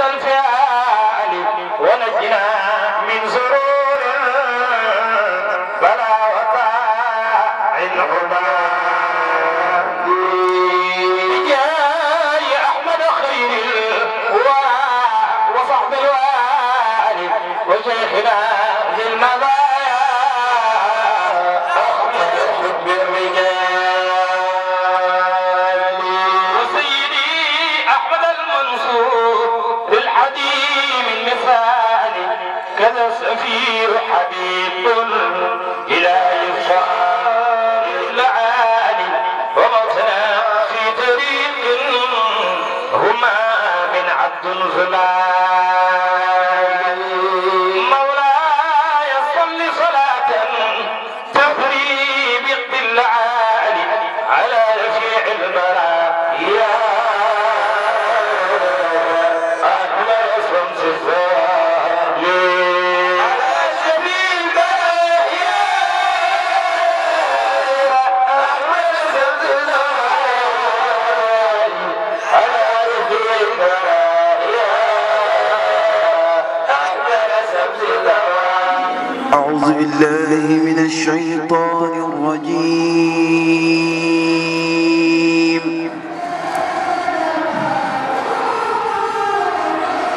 الفئات لنسفير حبيب أعوذ بالله من الشيطان الرجيم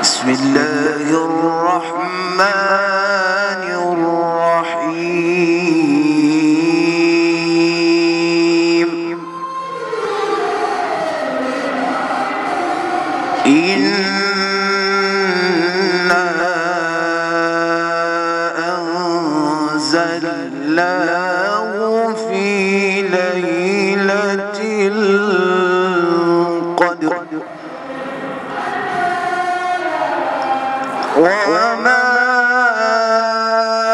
بسم الله الرحمن الرحيم إن في ليلة القدر وما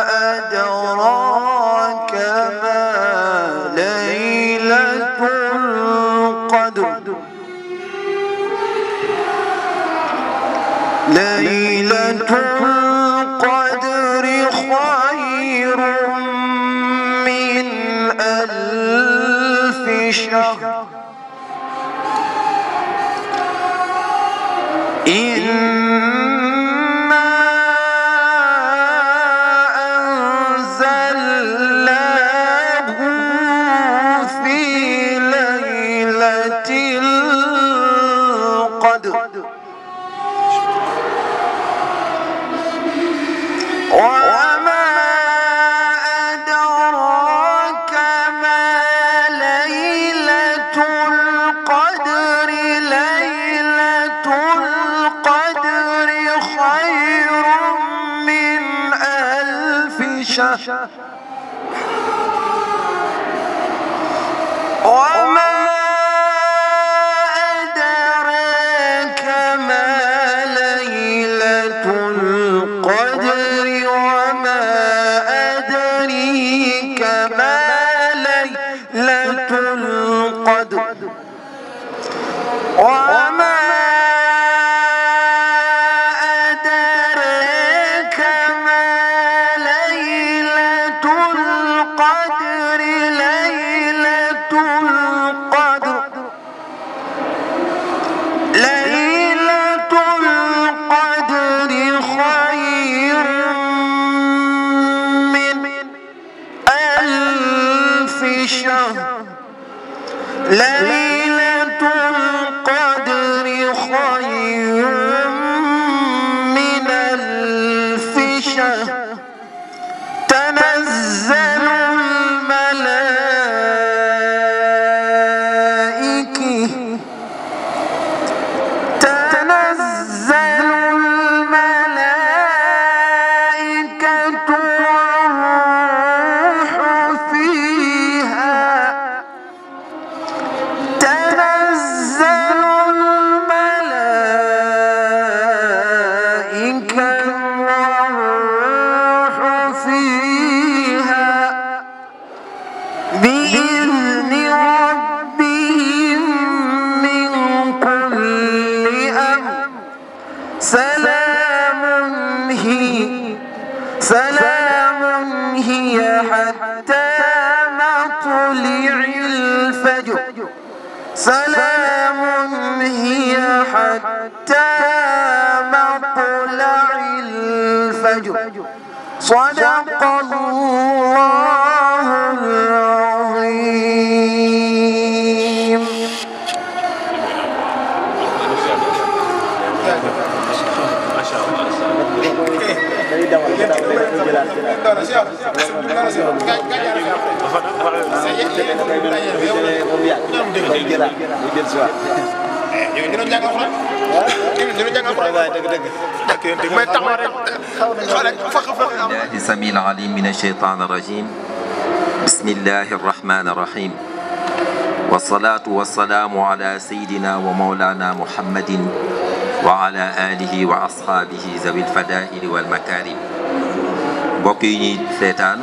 أدراك ما ليلة القدر ليلة القدر عائشة وما أدراك ما ليلة القدر وما أدريك ما ليلة القدر وما ليلة القدر خير سلام هي سلام هي حتى مطلع الفجر سلام هي حتى مطلع الفجر صدق الله العظيم yow العليم من الشيطان الرجيم بسم الله الرحمن الرحيم والصلاة والسلام على سيدنا ومولانا محمد وعلى آله وأصحابه ذوي الفضائل والمكارم بوكيني سيتان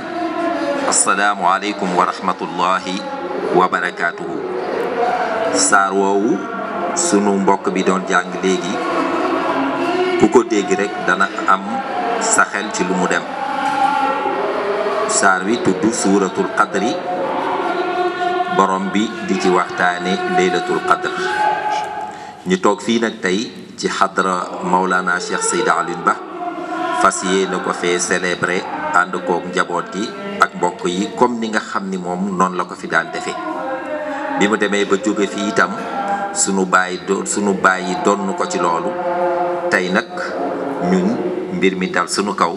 السلام عليكم ورحمة الله وبركاته سارو سنو بوك بدون دون جانغ ليغي كوكو ديغ ريك دانا ام ساخيل تي لومو ساروي تودو سورة القدري بروم بي ديتي واختاني ليلة القدر ني توك في نك تاي ci Maulana Cheikh Seyda Alioune Ba fas yéene ko fee célébrer ànd koog njaboot gi ak mbokk yi comme ni nga xam ni moom noonu la ko fi daan defee bi mu demee ba jóge fi itam sunu baay sunu baay yi donn ko ci loolu tey nag ñun mbir mi dal sunu kaw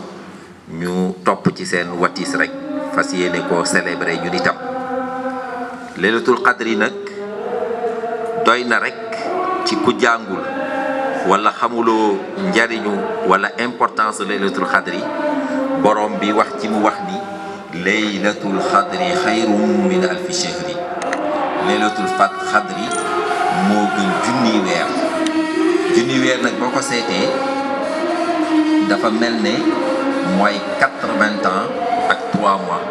ñu top ci seen watis rek fas yéene koo célébrer ñun itam leylatul qadri nag doy rek ci ku wala xamuloo njariñu wala importance laylatul xadri borom bi wax ci mu wax ni laylatul xadri xayrun min alfi shahri laylatul fat xadri moo gën junni weer junni weer nag boo ko seetee dafa mel ne mooy quatre-vingts ans ak trois mois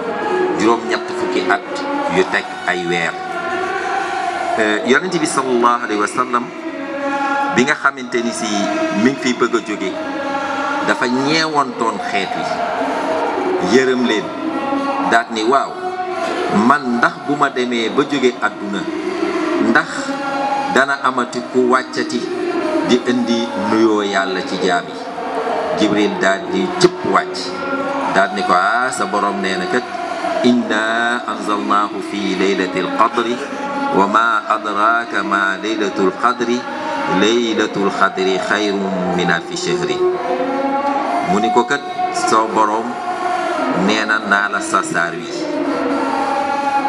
juróom-ñett fukki at yu teg ay weer yonente bi sallallahu alayhi wa sallam bi nga xamanteni ci mi ngi fiy bëgg joggé dafa ñewon ton xeet yi yërëm leen daat ni waaw man ndax buma démé ba joggé aduna ndax dana amati ku wàccati di indi nuyo yàlla ci jaami jibril daal di cipp wàcc daat ni ko ah sa borom nee kat inna anzalnahu fi laylatil qadri وما أدراك ما ليلة القدر laylatul xadri xayrum min alfi shahri mu ni ko kat soo boroom nee na naa la sasaar wi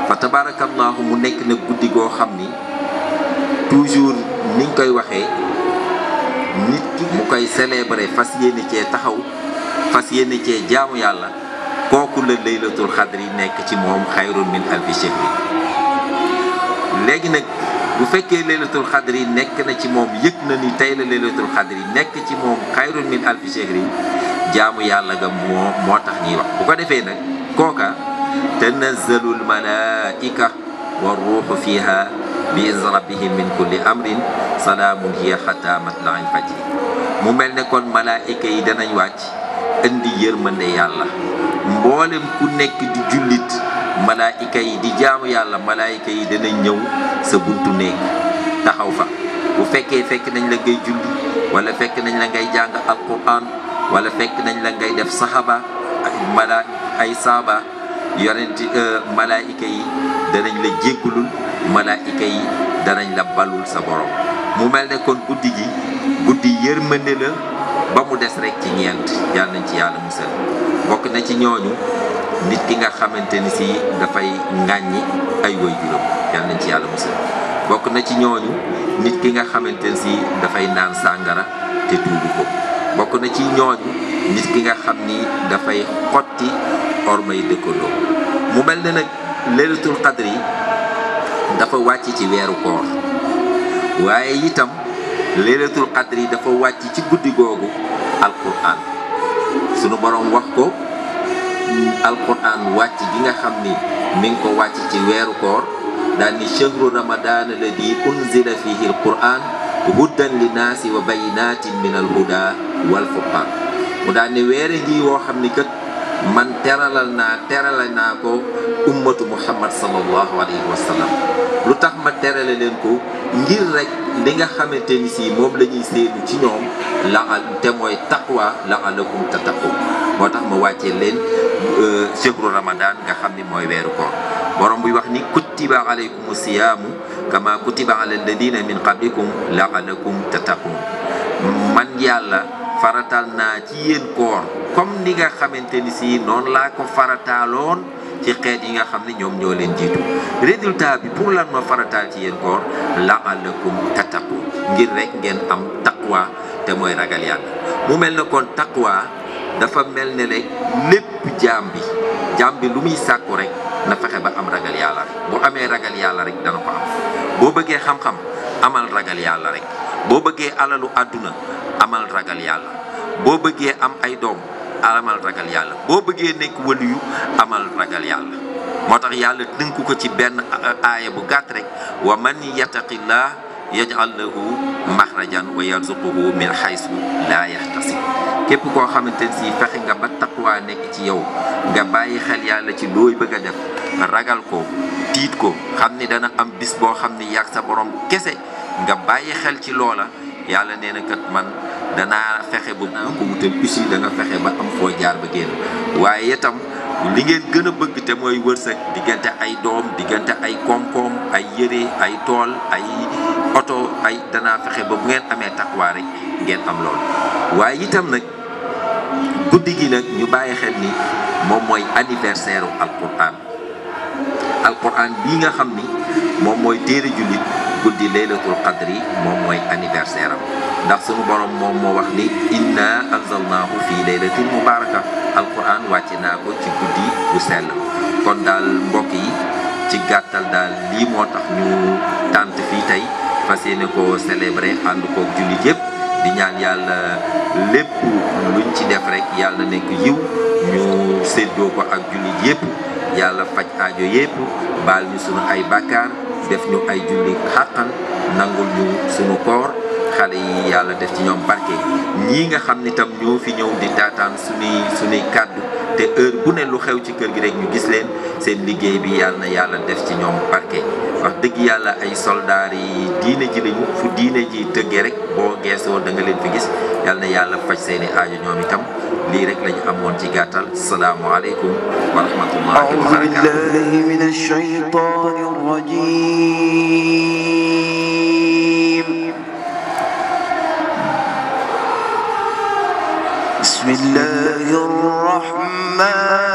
fa tabaarakallaahu mu nekk na guddi goo xam ni toujours niñ koy waxee nit ki mu koy célébrer fas yéene cee taxaw fas yéene cee jaamu yàlla kooku la laylatul xadri nekk ci moom xayrun min alfi shahri léegi nag bu fekke laylatul qadri nek na ci mom yek na ni tay la laylatul qadri nek ci mom khairun min alf shahri jaamu yàlla ga mo motax ni wax bu ko defee nak koka tanazzalul malaika war ruuxu fiha bi izni rabbihim min kulli amrin salaamun hiya xata matlail fajr mu melne kon malaayika yi danañ wàcc indi yërmande yàlla mbolem ku nek di julit malaayika yi di jaamu yàlla malaayika yi danañ ñëw sa buntu néeg taxaw fa bu fekkee fekk nañ la ngay julli wala fekk nañ la ngay jàng alquran wala fekk nañ la ngay def saxaba ay mala ay saaba yonenti euh, malaayika yi danañ la jéggulul malaayika yi danañ la balul sa borom mu mel ne kon guddi gi guddi yërmande la ba mu des rek ci ñeent yàlla nañ ci yàlla musal bokk na ci ñooñu nit ki nga xamante ni si dafay ŋàññi ay way juróom yal ci yàlla bokk na ci ñooñu nit ki nga xamante ni si dafay naan sàngara te tuubu ko bokk na ci ñooñu nit ki nga xam ni dafay xotti ormay dëkkandoo mu mel ne nag leylatul qadr yi dafa wàcc ci weeru koor waaye itam leylatul qadr yi dafa wàcc ci guddi googu alquran sunu borom wax ko alquran wàcc gi nga xam ni mi ko wàcc ci weeru koor daal ni chahru ramadan alladi unzila fihi alquran huddan linnaasi wa bayinatin min alhuda wal furqan mu daal ni weere ngi woo xam ni kat man teralal naa terale naa ko ummatu muhammad sallallahu alayhi wa lu tax ma terale leen ko ngir rek li nga xamante ni si moom lañuy séenu ci ñoom la te mooy taqwa la alakum tattaqu moo tax ma wàccee leen Euh, chehru ramadan nga xam ni mooy weeru koor borom buy wax ni kutiba alaykum siyaamu kama kutiba ala alladina min qablikum laalakum tattaqun man yàlla faratal naa ci yéen koor comme ni nga xamante ni si noonu laa ko farataaloon ci xeet yi nga xam ni ñoom ñoo leen jiitu résultat bi pour lan ma farataal ci yéen koor laalakum tattaqun ngir rek ngeen am taqwa te mooy ragal yàlla mu mel na kon taqwa dafa mel ne ne lépp jaam bi jaam bi lu muy sàkku rek na fexe ba am ragal yàlla bu amee ragal yàlla rek dana ko am boo bëggee xam-xam amal ragal yàlla rek boo bëggee alalu àdduna amal ragal yàlla boo bëggee am ay doom amal ragal boo bëggee nekk waliyu amal ragal yàlla moo tax yàlla tënku ko ci benn aaya bu gàtt rek wa man yattaqillah yaj'al lahu maxrajan wa yarzuquhu min xaysu laa yaxtasib képp koo xamante sii fexe nga ba waa nekk ci yow nga bàyyi xel yàlla ci looy bëgg a def ragal ko tiit ko xam ni dana am bis boo xam ne yàq sa boroom kese nga bàyyi xel ci loola yàlla nee na kat man dana fexe ba naa ko wutal ussi da nga fexe ba am foo jaar ba génn waaye itam li ngeen gën a bëgg te mooy wërsëg diggante ay doom diggante ay koom-koom ay yëre ay tool ay oto ay danaa fexe ba bu ngeen amee taqwa rek ngeen am lool waaye itam nag guddi nag ñu bàyyi xel ni moom mooy anniversaire u alquran alquran bii nga xam ni moom mooy téere jullit guddi laylatul qadri moom mooy anniversaire ndax sunu borom moom moo wax ni inna anzalnaahu fi laylatin mubaraka alquran wàcc naa ko ci guddi bu sell kon daal mbokk yi ci gàttal daal lii moo tax ñu tànt fii tey fas ne ko célébrer ànd koog jullit yépp di ñaan yàlla lépp luñ ci def rek yàlla nekk yiw ñu séddoo ko ak jullit yépp yàlla faj aajo yépp baal ñu sunu ay bàkkaar def ñu ay julli xàqan nangul ñu sunu koor xale yi yàlla def ci ñoom barke ñi nga xam ni tam ñoo fi ñëw di taataan sunuy sunuy kàddu te heure bu ne lu xew ci kër gi rek ñu gis leen seen liggéey bi yàlla na yàlla def ci ñoom barke wax dëgg yàlla ay soldaar yi diine ji lañu fu diine ji tëggee rek boo geesoo da nga leen fi gis yàlla yàlla faj seeni aajo ñoom itam lii rek lañu amoon ci gàttal salaamualeykum wa rahmatullahi wa barakatuh بسم الله الرحمن